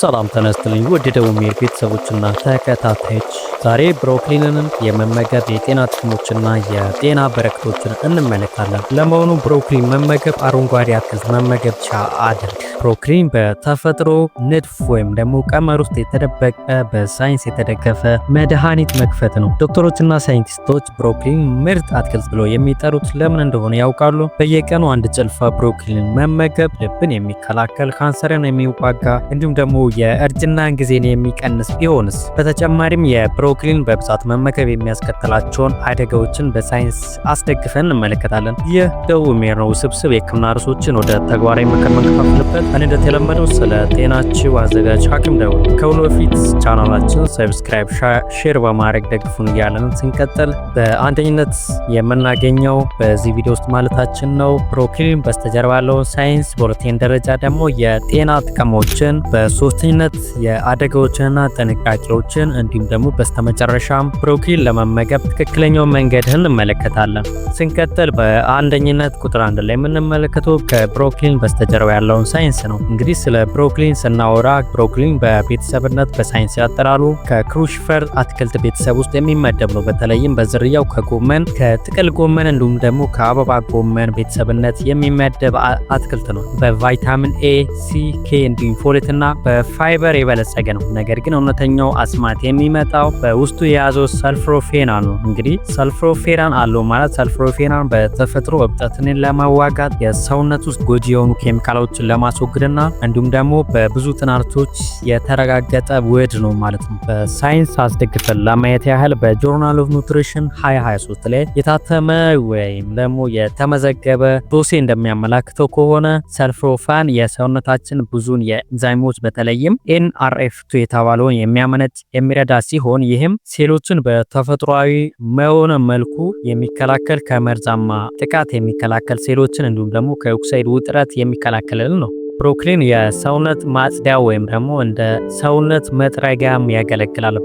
ሰላም ተነስተልኝ ውድ ደቡብ ሜድ ቤተሰቦችና ተከታታዮች፣ ዛሬ ብሮኮሊንን የመመገብ የጤና ጥቅሞችና የጤና በረከቶችን እንመለከታለን። ለመሆኑ ብሮኮሊን መመገብ አረንጓዴ አትክልት መመገብ ብቻ አድርግ። ብሮኮሊን በተፈጥሮ ንድፍ ወይም ደግሞ ቀመር ውስጥ የተደበቀ በሳይንስ የተደገፈ መድኃኒት መክፈት ነው። ዶክተሮችና ሳይንቲስቶች ብሮኮሊን ምርጥ አትክልት ብለው የሚጠሩት ለምን እንደሆነ ያውቃሉ? በየቀኑ አንድ ጭልፋ ብሮኮሊን መመገብ ልብን የሚከላከል ካንሰርን የሚዋጋ እንዲሁም ደግሞ የእርጅናን ጊዜን የሚቀንስ ቢሆንስ? በተጨማሪም የብሮኮሊን በብዛት መመገብ የሚያስከትላቸውን አደጋዎችን በሳይንስ አስደግፈን እንመለከታለን። ይህ ደቡብ ነው፣ ውስብስብ የህክምና ርዕሶችን ወደ ተግባራዊ ምክር መንከፋፍልበት። እኔ እንደተለመደው ስለ ጤናችሁ አዘጋጅ ሐኪም ደውል። ከሁሉ በፊት ቻናላችን ሰብስክራይብ፣ ሼር በማድረግ ደግፉን እያለን ስንቀጥል በአንደኝነት የምናገኘው በዚህ ቪዲዮ ውስጥ ማለታችን ነው ብሮኮሊን በስተጀርባ ያለውን ሳይንስ፣ በሁለተኛ ደረጃ ደግሞ የጤና ጥቅሞችን በሶስት በሶስተኝነት የአደጋዎችንና ጥንቃቄዎችን እንዲሁም ደግሞ በስተመጨረሻም ብሮኮሊን ለመመገብ ትክክለኛው መንገድህን እንመለከታለን። ስንቀጥል በአንደኝነት ቁጥር አንድ ላይ የምንመለከተው ከብሮኮሊን በስተጀርባ ያለውን ሳይንስ ነው። እንግዲህ ስለ ብሮኮሊን ስናወራ ብሮኮሊን በቤተሰብነት በሳይንስ ያጠራሉ ከክሩሽፈር አትክልት ቤተሰብ ውስጥ የሚመደብ ነው። በተለይም በዝርያው ከጎመን ከጥቅል ጎመን እንዲሁም ደግሞ ከአበባ ጎመን ቤተሰብነት የሚመደብ አትክልት ነው። በቫይታሚን ኤ፣ ሲ፣ ኬ እንዲሁም ፎሌት እና በፋይበር የበለጸገ ነው። ነገር ግን እውነተኛው አስማት የሚመጣው በውስጡ የያዘው ሰልፍሮፌና ነው። እንግዲህ ሰልፍሮፌናን አለው ማለት ሰልፍሮፌናን በተፈጥሮ እብጠትን ለመዋጋት የሰውነት ውስጥ ጎጂ የሆኑ ኬሚካሎችን ለማስወገድና እንዲሁም ደግሞ በብዙ ጥናቶች የተረጋገጠ ውህድ ነው ማለት ነው። በሳይንስ አስደግፈን ለማየት ያህል በጆርናል ኦፍ ኑትሪሽን 2023 ላይ የታተመ ወይም ደግሞ የተመዘገበ ዶሴ እንደሚያመላክተው ከሆነ ሰልፍሮፋን የሰውነታችን ብዙን የኢንዛይሞች በተለይ በተለይም ኤንአርኤፍ የተባለውን የሚያመነጭ የሚረዳ ሲሆን ይህም ሴሎችን በተፈጥሯዊ መሆነ መልኩ የሚከላከል ከመርዛማ ጥቃት የሚከላከል ሴሎችን እንዲሁም ደግሞ ከኦክሳይድ ውጥረት የሚከላከልል ነው። ብሮክሊን የሰውነት ማጽዳያ ወይም ደግሞ እንደ ሰውነት መጥረጊያም ያገለግላል።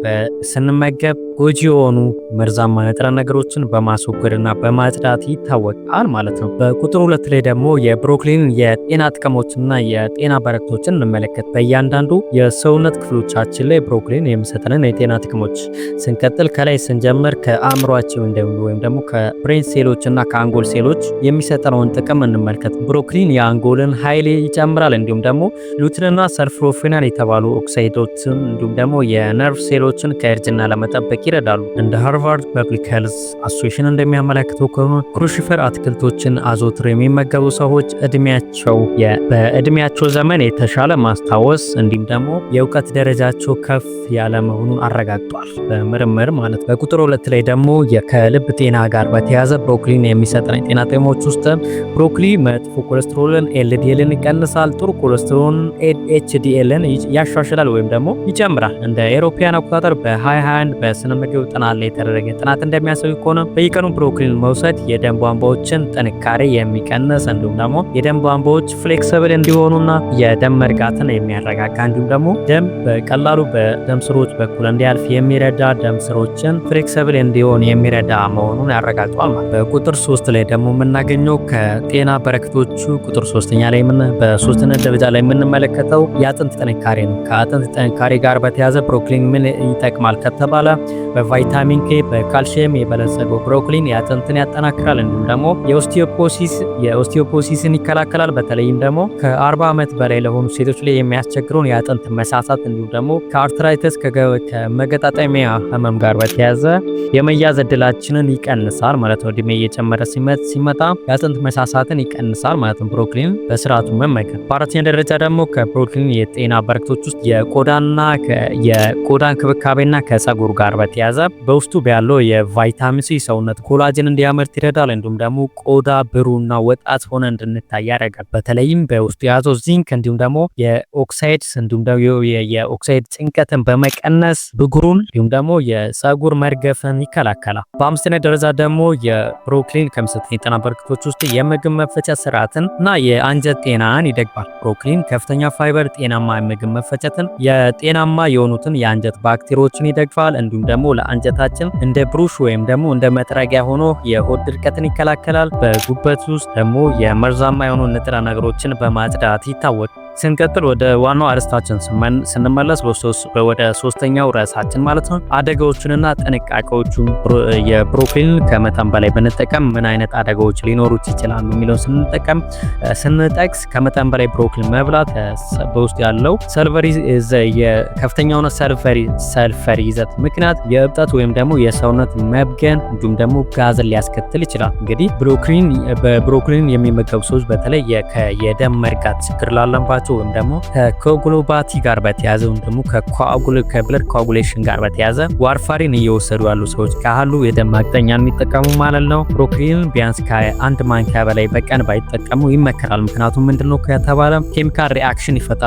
ስንመገብ ጎጂ የሆኑ መርዛማ ንጥረ ነገሮችን በማስወገድና በማጽዳት ይታወቃል ማለት ነው። በቁጥር ሁለት ላይ ደግሞ የብሮኮሊን የጤና ጥቅሞችና የጤና በረከቶችን እንመለከት። በእያንዳንዱ የሰውነት ክፍሎቻችን ላይ ብሮኮሊን የሚሰጠንን የጤና ጥቅሞች ስንቀጥል ከላይ ስንጀምር ከአእምሯችን ወይም ደግሞ ከብሬን ሴሎች እና ከአንጎል ሴሎች የሚሰጠነውን ጥቅም እንመልከት። ብሮኮሊን የአንጎልን ኃይል ይጨምራል። እንዲሁም ደግሞ ሉትንና ሰርፍሮፊናል የተባሉ ኦክሳይዶችን እንዲሁም ደግሞ የነርቭ ሴሎችን ከእርጅና ለመጠበቅ ይረዳሉ። እንደ ሃርቫርድ ፐብሊክ ሄልዝ አሶሴሽን እንደሚያመለክተው ከሆነ ክሩሽፈር አትክልቶችን አዘውትረው የሚመገቡ ሰዎች እድሜያቸው በእድሜያቸው ዘመን የተሻለ ማስታወስ እንዲሁም ደግሞ የእውቀት ደረጃቸው ከፍ ያለ መሆኑን አረጋግጧል በምርምር ማለት። በቁጥር ሁለት ላይ ደግሞ ከልብ ጤና ጋር በተያያዘ ብሮኮሊን የሚሰጠን ጤና ጥቅሞች ውስጥ ብሮኮሊ መጥፎ ኮሌስትሮልን ኤልዲኤልን ይቀንሳል፣ ጥሩ ኮሌስትሮልን ኤችዲኤልን ያሻሽላል ወይም ደግሞ ይጨምራል። እንደ ኤሮፓያን አቆጣጠር በ2021 በስነ ምግብ ጥናት ላይ የተደረገ ጥናት እንደሚያሳዩ ከሆነ በየቀኑ ብሮኮሊን መውሰድ የደም ቧንቧዎችን ጥንካሬ የሚቀንስ እንዲሁም ደግሞ የደም ቧንቧዎች ፍሌክስብል እንዲሆኑና የደም መርጋትን የሚያረጋጋ እንዲሁም ደግሞ ደም በቀላሉ በደም ስሮች በኩል እንዲያልፍ የሚረዳ ደም ስሮችን ፍሌክስብል እንዲሆን የሚረዳ መሆኑን ያረጋግጧል። በቁጥር ሶስት ላይ ደግሞ የምናገኘው ከጤና በረከቶቹ ቁጥር ሶስተኛ ላይ በሶስትነት ደረጃ ላይ የምንመለከተው የአጥንት ጥንካሬ ነው። ከአጥንት ጥንካሬ ጋር በተያዘ ብሮኮሊ ምን ይጠቅማል ከተባለ በቫይታሚን ኬ፣ በካልሽየም የበለጸገው ብሮኮሊን የአጥንትን ያጠናክራል። እንዲሁም ደግሞ የኦስቲዮፖሲስ የኦስቲዮፖሲስን ይከላከላል። በተለይም ደግሞ ከ40 ዓመት በላይ ለሆኑ ሴቶች ላይ የሚያስቸግረውን የአጥንት መሳሳት እንዲሁም ደግሞ ከአርትራይተስ ከመገጣጠሚያ ህመም ጋር በተያያዘ የመያዝ እድላችንን ይቀንሳል ማለት ነው። እድሜ እየጨመረ ሲመጣ የአጥንት መሳሳትን ይቀንሳል ማለት ነው። ብሮኮሊን በስርዓቱ መመገብ። በአራተኛ ደረጃ ደግሞ ከብሮኮሊን የጤና በረከቶች ውስጥ የቆዳና የቆዳ እንክብካቤና ከጸጉር ጋር በተያያዘ ከተያዘ በውስጡ ያለው የቫይታሚን ሲ ሰውነት ኮላጅን እንዲያመርት ይረዳል። እንዲሁም ደግሞ ቆዳ ብሩና ወጣት ሆነ እንድንታይ ያደርጋል። በተለይም በውስጡ የያዘው ዚንክ እንዲሁም ደግሞ የኦክሳይድ እንዲሁም ደግሞ የኦክሳይድ ጭንቀትን በመቀነስ ብጉሩን እንዲሁም ደግሞ የፀጉር መርገፍን ይከላከላል። በአምስተኛ ደረጃ ደግሞ የብሮኮሊን ከሚሰጠን የጤና በረከቶች ውስጥ የምግብ መፈጨት ስርዓትን እና የአንጀት ጤናን ይደግፋል። ብሮኮሊን ከፍተኛ ፋይበር ጤናማ የምግብ መፈጨትን፣ የጤናማ የሆኑትን የአንጀት ባክቴሪዎችን ይደግፋል እንዲሁም ደግሞ ለአንጀታችን እንደ ብሩሽ ወይም ደግሞ እንደ መጥረጊያ ሆኖ የሆድ ድርቀትን ይከላከላል። በጉበት ውስጥ ደግሞ የመርዛማ የሆኑ ንጥረ ነገሮችን በማጽዳት ይታወቃል። ስንቀጥል ወደ ዋናው አርዕስታችን ስንመለስ ወደ ሶስተኛው ርዕሳችን ማለት ነው አደጋዎቹንና ጥንቃቄዎቹን የፕሮፋይልን ከመጠን በላይ ብንጠቀም ምን አይነት አደጋዎች ሊኖሩት ይችላሉ የሚለውን ስንጠቀም ስንጠቅስ ከመጠን በላይ ፕሮፋይል መብላት በውስጡ ያለው ሰልፈር ከፍተኛ የሆነ ይዘት ምክንያት የእብጠት ወይም ደግሞ የሰውነት መብገን እንዲሁም ደግሞ ጋዝን ሊያስከትል ይችላል። እንግዲህ ብሮኮሊን በብሮኮሊን የሚመገቡ ሰዎች በተለይ የደም መርጋት ችግር ላለባቸው ስርዓቱ ወይም ደግሞ ከኮግሎፓቲ ጋር በተያዘ ወይም ደግሞ ከብለድ ኮአጉሌሽን ጋር በተያዘ ዋርፋሪን እየወሰዱ ያሉ ሰዎች ካሉ የደም ማቅጠኛን የሚጠቀሙ ማለት ነው። ፕሮክሪን ቢያንስ ከአንድ ማንኪያ በላይ በቀን ባይጠቀሙ ይመከራል። ምክንያቱም ምንድነው ከተባለ ኬሚካል ሪአክሽን ይፈጠራል።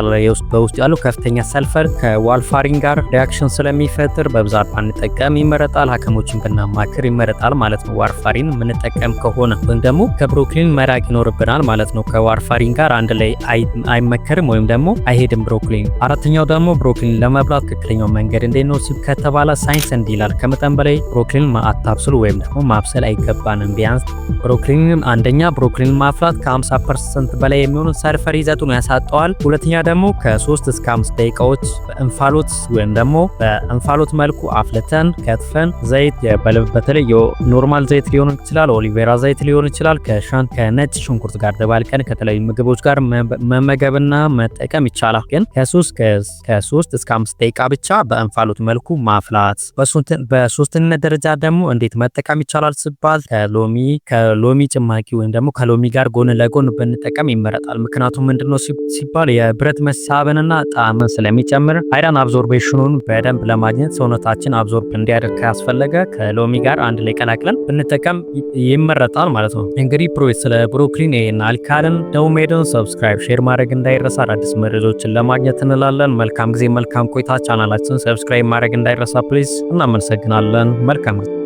በውስጡ ያለው ከፍተኛ ሰልፈር ከዋልፋሪን ጋር ሪአክሽን ስለሚፈጥር በብዛት ባንጠቀም ይመረጣል። ሐኪሞችን ብናማክር ይመረጣል ማለት ነው። ዋርፋሪን የምንጠቀም ከሆነ ወይም ደግሞ ከብሮክሊን መራቅ ይኖርብናል ማለት ነው። ከዋርፋሪን ጋር አንድ ላይ አይመከ አይመከርም ወይም ደግሞ አይሄድም ብሮኮሊን። አራተኛው ደግሞ ብሮኮሊን ለመብላት ትክክለኛው መንገድ እንዴት ነው ሲል ከተባለ ሳይንስ እንዲህ ይላል፣ ከመጠን በላይ ብሮኮሊን አታብስሉ ወይም ደግሞ ማብሰል አይገባንም። ቢያንስ ብሮኮሊንን አንደኛ ብሮኮሊን ማፍላት ከ50 በላይ የሚሆኑ ሰልፈር ይዘቱን ያሳጠዋል። ሁለተኛ ደግሞ ከ3 እስከ 5 ደቂቃዎች በእንፋሎት ወይም ደግሞ በእንፋሎት መልኩ አፍልተን ከትፈን ዘይት በተለይ ኖርማል ዘይት ሊሆን ይችላል፣ ኦሊቬራ ዘይት ሊሆን ይችላል ከሻን ከነጭ ሽንኩርት ጋር ደባልቀን ከተለያዩ ምግቦች ጋር መመገብና መጠቀም ይቻላል። ግን ከ3 እስከ 5 ደቂቃ ብቻ በእንፋሎት መልኩ ማፍላት። በሶስትነት ደረጃ ደግሞ እንዴት መጠቀም ይቻላል ሲባል ከሎሚ ከሎሚ ጭማቂ ወይም ደግሞ ከሎሚ ጋር ጎን ለጎን ብንጠቀም ይመረጣል። ምክንያቱም ምንድነው ሲባል የብረት መሳብንና ጣዕምን ስለሚጨምር አይረን አብዞርቤሽኑን በደንብ ለማግኘት ሰውነታችን አብዞርብ እንዲያደርግ ካስፈለገ ከሎሚ ጋር አንድ ላይ ቀላቅለን ብንጠቀም ይመረጣል ማለት ነው። እንግዲህ ፕሮ ስለ ብሮክሊን ይሄን አልካልን ሰብስክራይብ ሼር ማድረግ እንዳይረ ድረስ አዳዲስ መረጃዎችን ለማግኘት እንላለን። መልካም ጊዜ፣ መልካም ቆይታ። ቻናላችን ሰብስክራይብ ማድረግ እንዳይረሳ ፕሊዝ። እናመሰግናለን። መልካም ጊዜ